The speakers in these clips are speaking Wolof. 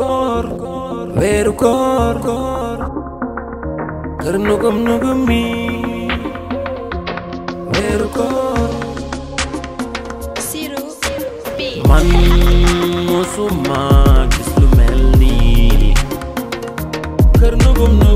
kor weeru koor kër nugum nugum mi weeru koor siru man musuma gis lu mel nii kër nugum nugum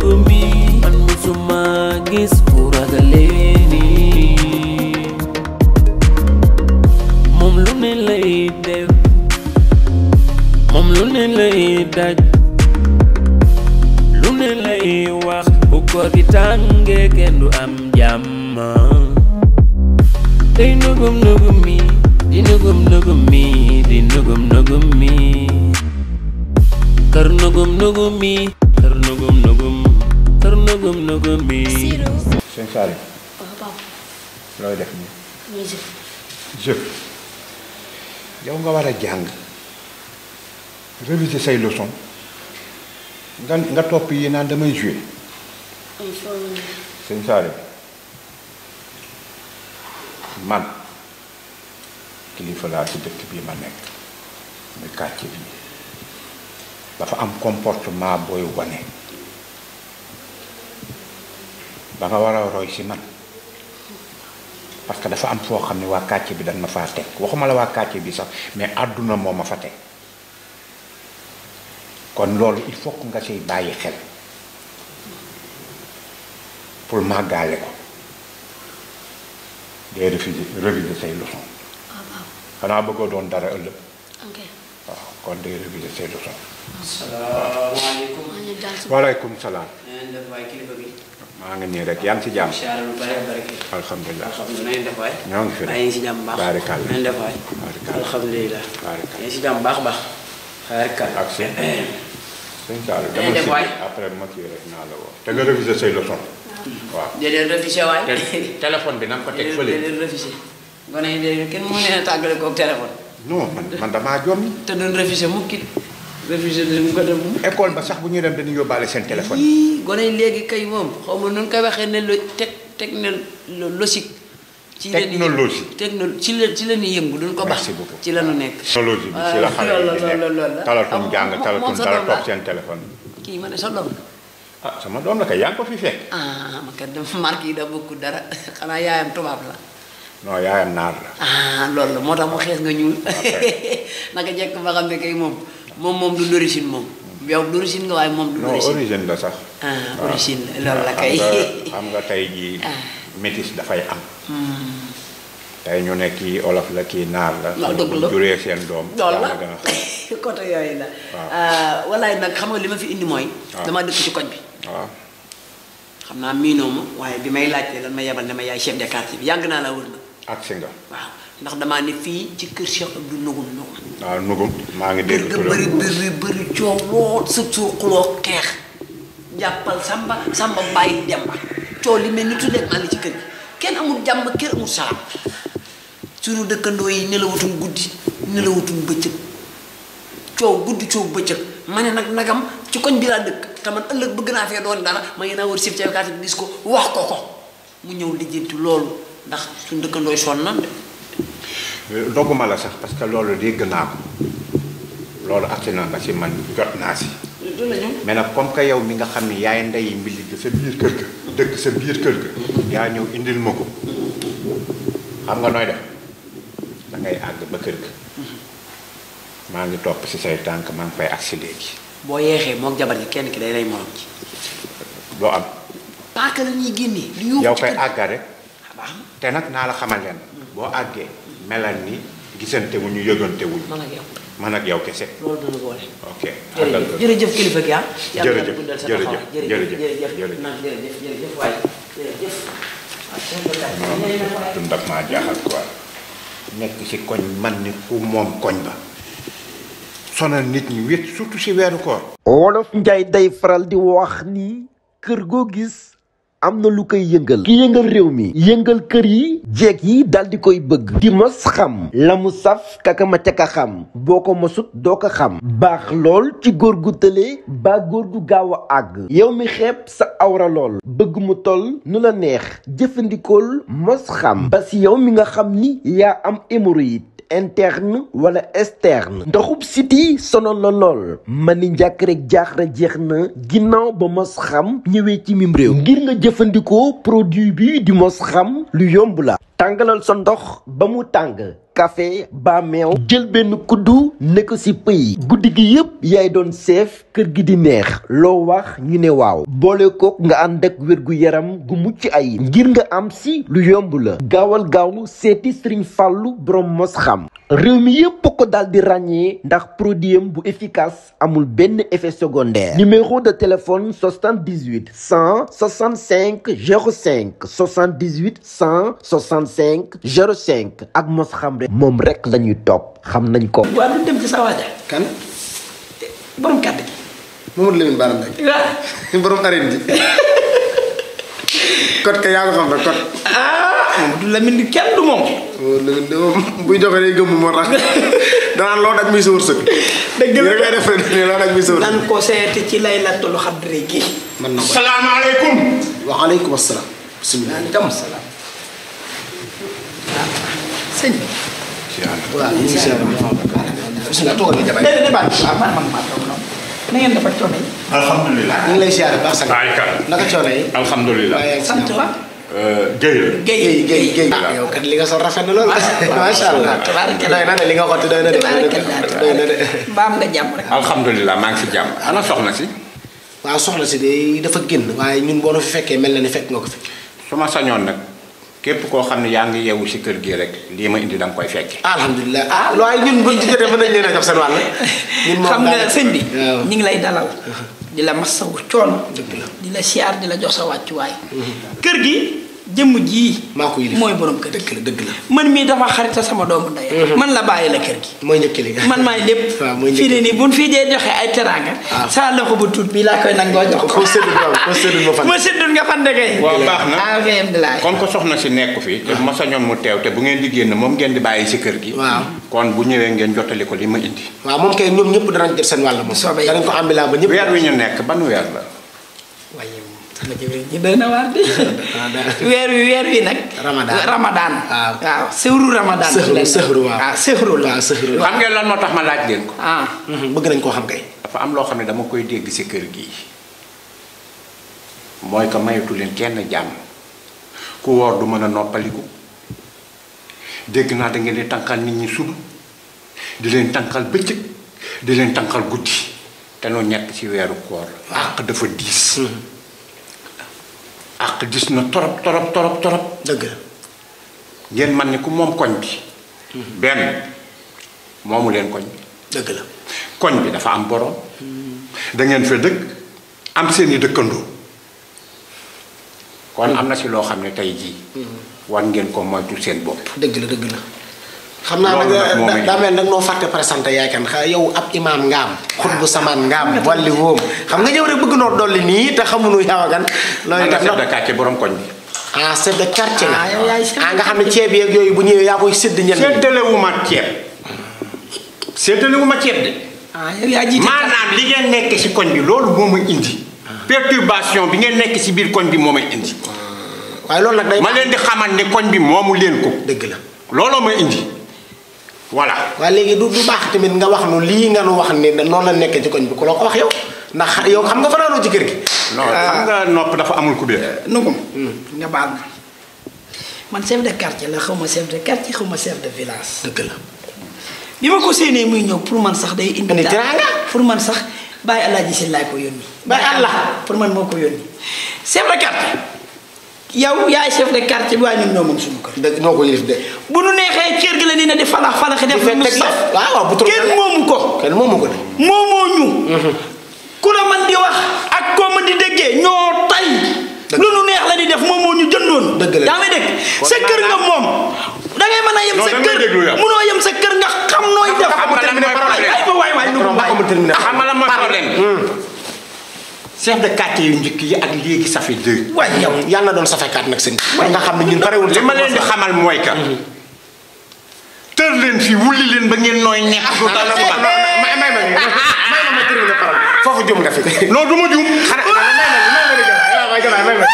nugum mi tër nugum nugum tër nugum nugum mi. Oh, looy def nii. yow nga war a jàng réviser say leçon nga nga topp yi naan damay joué. sëñ Saliou man kilifa laa ci dëkk bii ma nekk muy quartier bi. dafa am comportement booy wane ba nga war a roy si man parce que dafa am foo xam ne waa quartier bi dañ ma faa teg waxuma la waa quartier bi sax mais àdduna moo ma fa teg kon loolu il faut nga ciy bàyyi xel pour màggaale ko day refuser réviser say leçon ah, xanaa bëggoo doon dara ëllëg kon day réviser say leçons. asalaamaaleykum. waaleykum salaam. na def waay kilifa bi. maa ngi nii rek yaa ngi si jàmm. incha allah lu bari barke. alhamdulilah. alhamdulilah na def waay. ñoo ngi fi rek si jàmm baax. barikàlla na def waay. barikàlla alhamdulilah. barikàlla si jàmm baax baax. barikàlla ak seen. sëñ Saalum dama si après ma kii rek naa la woo. te nga réviser say leçons. waaw déedéet révisé waay. téléphone bi na nga ko teg fële. déedéet révisé. gone yi kenn mu ne tàggale koog téléphone. non man man damaa jommi. te doon refusé mu kii refusé mu ko dem mu. école ba sax bu ñuy dem dañuy yóbbaale seen téléphone. yii gone léegi kay moom xaw ma nu koy waxee ne le tec technologique. ci la technologie technologie ci la ci la ñuy yëngu duñ ko baax. ci la ñu nekk. technologie bi ci la xale yi di nekk talatum ah, jàng talatum dara toog seen téléphone. kii ma ne sa doom la. ah sama doom la kay yaa ngi ko fi fekk. ah man kat marque yi da bokkul dara xanaa yaayam tubaab la. non yaayam naar la. ah loolu la moo tax mu xees nga ñuul a jekk ba xam ne kay moom moom moom du l'origine moom. yow l'origine moom du l'origine. non origine la sax. ah, ah. origine loolu la ah, kay. xam nga tey jii. Ah. métis dafay am. Hmm. tey ñu ne olof la naar la. waaw dëgg la juree seen doom. loolu la yooyu la. waaw walaay nag xam nga li ma fi indi mooy. dama dëkk ci koñ bi. waaw. xam naa miinoo ma waaye bi may laajte lan ma yebal ne ma yaay chef de quartier bi yàgg naa la wër na. ak singa waaw ndax dama ne fii ci kër cheikh abdou nugum nugum waaw nugum maa ngi dégg ko bari bari bari coow lool sa su xuloo xeex jàppal samba samba bàyyi demba coow li mel ni tuddee àll ci kër gi kenn amul jàmm kenn amul salaam suñu dëkkandoo yi nelawutum guddi nelawutum bëccëg coow guddi coow bëccëg ma ne nag nagam ci koñ bi laa dëkk te man ëllëg bëgg naa fee doon dara ma ngi naa wër sif ci kaati gis ko wax ko ko mu ñëw lijjanti loolu ndax suñ dëkkandooy son na de euh, dogguma la sax parce que loolu dégg naa ko loolu agsi na nga si man jot naa si mais nag comme que yow mi nga xam ne yaay ndey mbilit sa biir kër gi dëgg sa biir kër ga yaa ñëw indil ma ko xam nga nooy def da àgg ba kër ga maa ngi topp si say tànk maa ngi fay agsi léegi boo yeexee mook jabar ji kenn ki day lay morom ci doo am paaka la ñuy génnee yow koy àgga rek te nag naa la xamal leen boo àggee melal ni gisante wu ñu yëgante wu ñu. man kese. loolu dana kilifa gi ah. jërëjëf jërëjëf jërëjëf maa jaaxal quoi. nekk ci koñ man ni ku moom koñ ba. sonal nit ñi wét surtout ci weeru koor. wolof Njaay day faral di wax ni kër goo gis. am na lu koy yëngal ki yëngal réew mi yëngal kër yi jeeg yi dal di koy bëgg di mos xam la mu saf kakama ca ka xam boo ko mosut doo ko xam baax lool ci góor gu tëlee baa góor gu gaaw a àgg yow mi xeeb sa awra lool bëgg mu toll nu la neex jëfandikool mos xam ba si yow mi nga xam ni yaa am hémorroïde interne wala externe ndoxub siti sono la lool ma ni njàkk rek jaaxle jeex na ginnaaw ba mos xam ñëwee ci mim réew ngir nga jëfandikoo produit bi di mos xam lu yomb la tàngalal sa ndox ba mu tàng café ba meew jël ben kuddu ne ko ci pëy guddi gi yëpp yaay doon seef kër gi di neex lo wax ñu ne waaw bolé ko nga ànd ak wér gu yaram gu mucc ay ngir nga am si lu yomb la gawal gaaw seeti Sëriñ fallu borom mos xam mi ko daal di ndax produit bu efficace amul ben effet secondaire numéro de téléphone 78 165 05 78 165 05 ak mos xam xamne mom rek lañu top topp xam nañ ko. wa duñ dem ci sa waja kan. borom kàddu mom Mamadou Lamine Baram Ndeye. wa borom arène ji. kot ka yaago xam rek kot. ah mom Mamadou Lamine kenn du mom Mamadou Lamine do bu buy joxe day gëmm moo tax danaan loo daj muy sa wërsëg. dëgg la ngay def ni loo daj muy sa wërsëg. nan ko seeti ci laylatul lattalu gi. man na ko alaykum waaleykum asalaam. bisimilah. waaleykum salaam. waaw ah, sëñ bi. waaw eh, ah, incha ah, allah waaw man na ngi lay ziar baax sax. sant la. Guèye la li nga sol rafet na lool. li nga xotti de. doy na maa ngi fi jàmm ana soxna si. waaw soxna si de dafa génn waaye ñun boo na fekkee mel na ni fekk nga ko fi. su ma sañoon nag. képp koo xam ne yaa ngi yeewu si kër gi rek lii ma indi da koy fekk. alhamdulilah ah, ah waaye ñun buñ ci jotee mën nañ leen a jox seen wàll. xam nga sëñ bi. ñu ngi lay dalal. Uh-huh. di la masawu coono. di la siyaar di la jox sa wàccuwaay. Uh-huh. kër gi. jëm ji mako yëlif moy borom kër dëgg la dëgg la man mi dama xarit sama doomu nday mhm. man la baye la kër gi moy njëkk li man may lepp fi ni buñ fi dé joxé ay teranga la ah. ko bu tut bi la koy nango jox ko ma séddul nga fan dëgg wa baax na afm ah, de kon ko soxna ci nekk fi te ma ñoon mu tew te bu ngeen di genn mom ngeen di baye ci kër gi wa kon bu ñëwé ngeen jotali ko li ma indi wa mom kay ñoom ñëpp dara jël seen wàll moom danañ ko ambilaa ba ñëpp wi ñu nekk ban weer la doy na weer wi weer wi nag. ramadaan waaw sëxru ramadaan. sëxru waaw sëxru la xam ngeen lan moo tax ma laaj leen ah. ko. Mhm, bëgg nañ koo xam kay. dafa am loo xam ne dama koy dégg si kër gi mooy ko mayatu leen kenn jàmm ku woor du mën a noppaliku dégg naa da di tànkal nit ñi suba di leen tànqal bëccëg di leen tànqal guddi te noo ñàkk ci weeru koor. àq dafa diis. Mhm. te gis na torop torop torop torop deug ngeen man ni ku mom koñ bi hmm. ben momu len koñ bi la koñ bi dafa am borom hmm. da ngeen fe deug am seen yi dëkkandoo kon hmm. amna ci lo xamne tay ji wan ngeen ko moytu seen bop deug la deug la xam naa nag daa mel nag noo fàtte présenté yaay kan xa yow ab imaam ngaam xutbu samaan ngaam walli wóom xam nga ñëw rek bëgg noo dolli nii te xamuñu yaw gan loolu itam nag quartier borom koñ bi ah chef ah, ah, nga xam ne ceeb yeeg bu ñëwee yaa koy sédd ñenn séddalewuma ceeb séddalewuma ceeb de ah, maanaam li ngeen nekk si koñ bi loolu moo ma indi perturbation bi ngeen nekk si biir koñ bi moom a indi waaye loolu nag day ma leen di xamal ne koñ bi moomu leen ko dëgg la looloo ma indi voilà waaw léegi du du baax tamit nga wax nu lii nga nu wax ni noonu la nekkee ci koñ bi ku la ko wax yow ndax yow xam nga fanaanoo ci kër gi. non xam ah. nga nopp dafa amul ku biir. nugum nga baal man chef de quartier la xaw ma chef de xaw ma chef de village. la bi ma ko séenee muy ñëw pour man sax day. indi teraanga pour man sax bàyyi ji si laa ko yónni. bàyyi allah pour man moo ko yónni chef de quartier. yow yaay chef de quartier bi waaye ñun ñoo moom suñu kër. ko yilif de. bu nu neexee kër gi la nii na di falax falax def lu saf waaw bu kenn moomu ko. kenn moomu ko de. moomoo ñu. Mhm. ku la man di wax ak koo man di déggee ñoo tay lu nu di def moom moo ñu jëndoon. dëgg la yaa ngi dégg sa kër nga moom. da ngay a yem sa kër munoo yem sa kër nga xam nooy def. amul terminé problème aywa waay waay chef de quartier yu njëkk yi ak léegi ça fait waaye yow yàlla na doon safekaat nag sëñ bi. nga xam ne ñun parewul li ma leen di xamal mooy ka tër leen fii wulli leen ba ngeen nooy nekk. foofu jum nga fi. non du ma jum. xanaa may ma may ma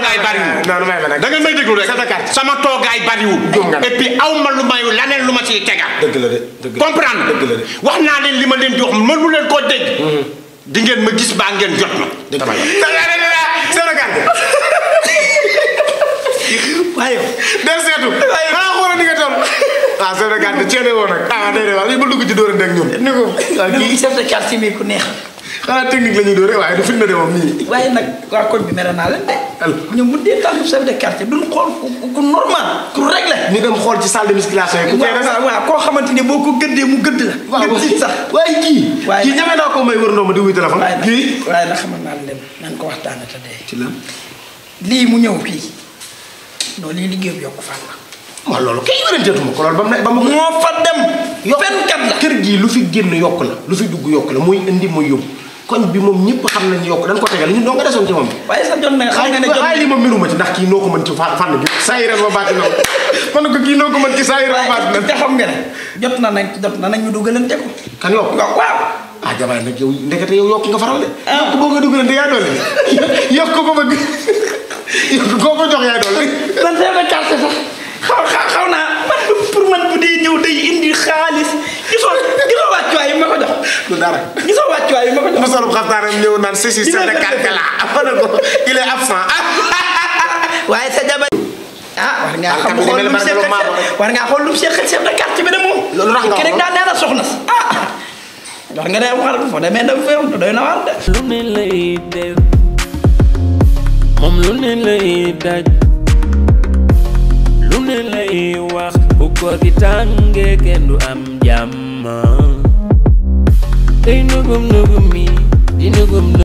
toogaay bariwul da nga may déglu rek sama toogaay bariwul et puis aw ma lu may laneen lu ma ciy tega comprendre wax naa leen li ma leen di wax mënu leen lagi dégg mm-hmm. di ngeen ma gis baa ngeen jot ma Sénégal waaye del seetu xanaa xoolal ni nga toll ah Sénégal de ceene woo nag ah déedéet waaw li ma dugg ci dóorante ak ñoom ni ko kii chef de quartier mi ku neex xanaa technique la ñuy dóoree waaye du fi mu nii. waaye nag waa koñ bi mere naa leen de. alors de quartier duñ xool ku normal ku ñu dem xool ci salle de musculation yi. a waaw koo xamante ni boo ko gëddee mu gëdd la. waaw sax waaye kii. waaye kii ñeme naa ko may wër ndoom di wuy ko waxtaanee te ci lan lii mu ñëw fii non lii liggéeyam yokku fan la. waaw loolu kay wéranteetuma ko loolu ba mu ne ba mu. moo fa dem. fenn kat la kër gii lu fi génn yokk la lu fi dugg yokk la muy indi muy yóbbu koñ bi moom ñëpp xam nañ yokk dañ ko tegal ñun doo nga desoon ci moom. waaye sax jot na xam nga ne jot waaye li te ko kan yokk waaw ah jabaay nag yow ndekete yow yokk nga faral de yokk boo nga dugalante yaa doole solub xaftaaram ñëw si si sa nekkaat la ma il est absent sa ah war ngaa xam lu mu seqal war ngaa bi de moom loolu nga rek soxna ah war nga na war de lu ne lay def lu ne lay daj lu ne lay wax ko You Inugum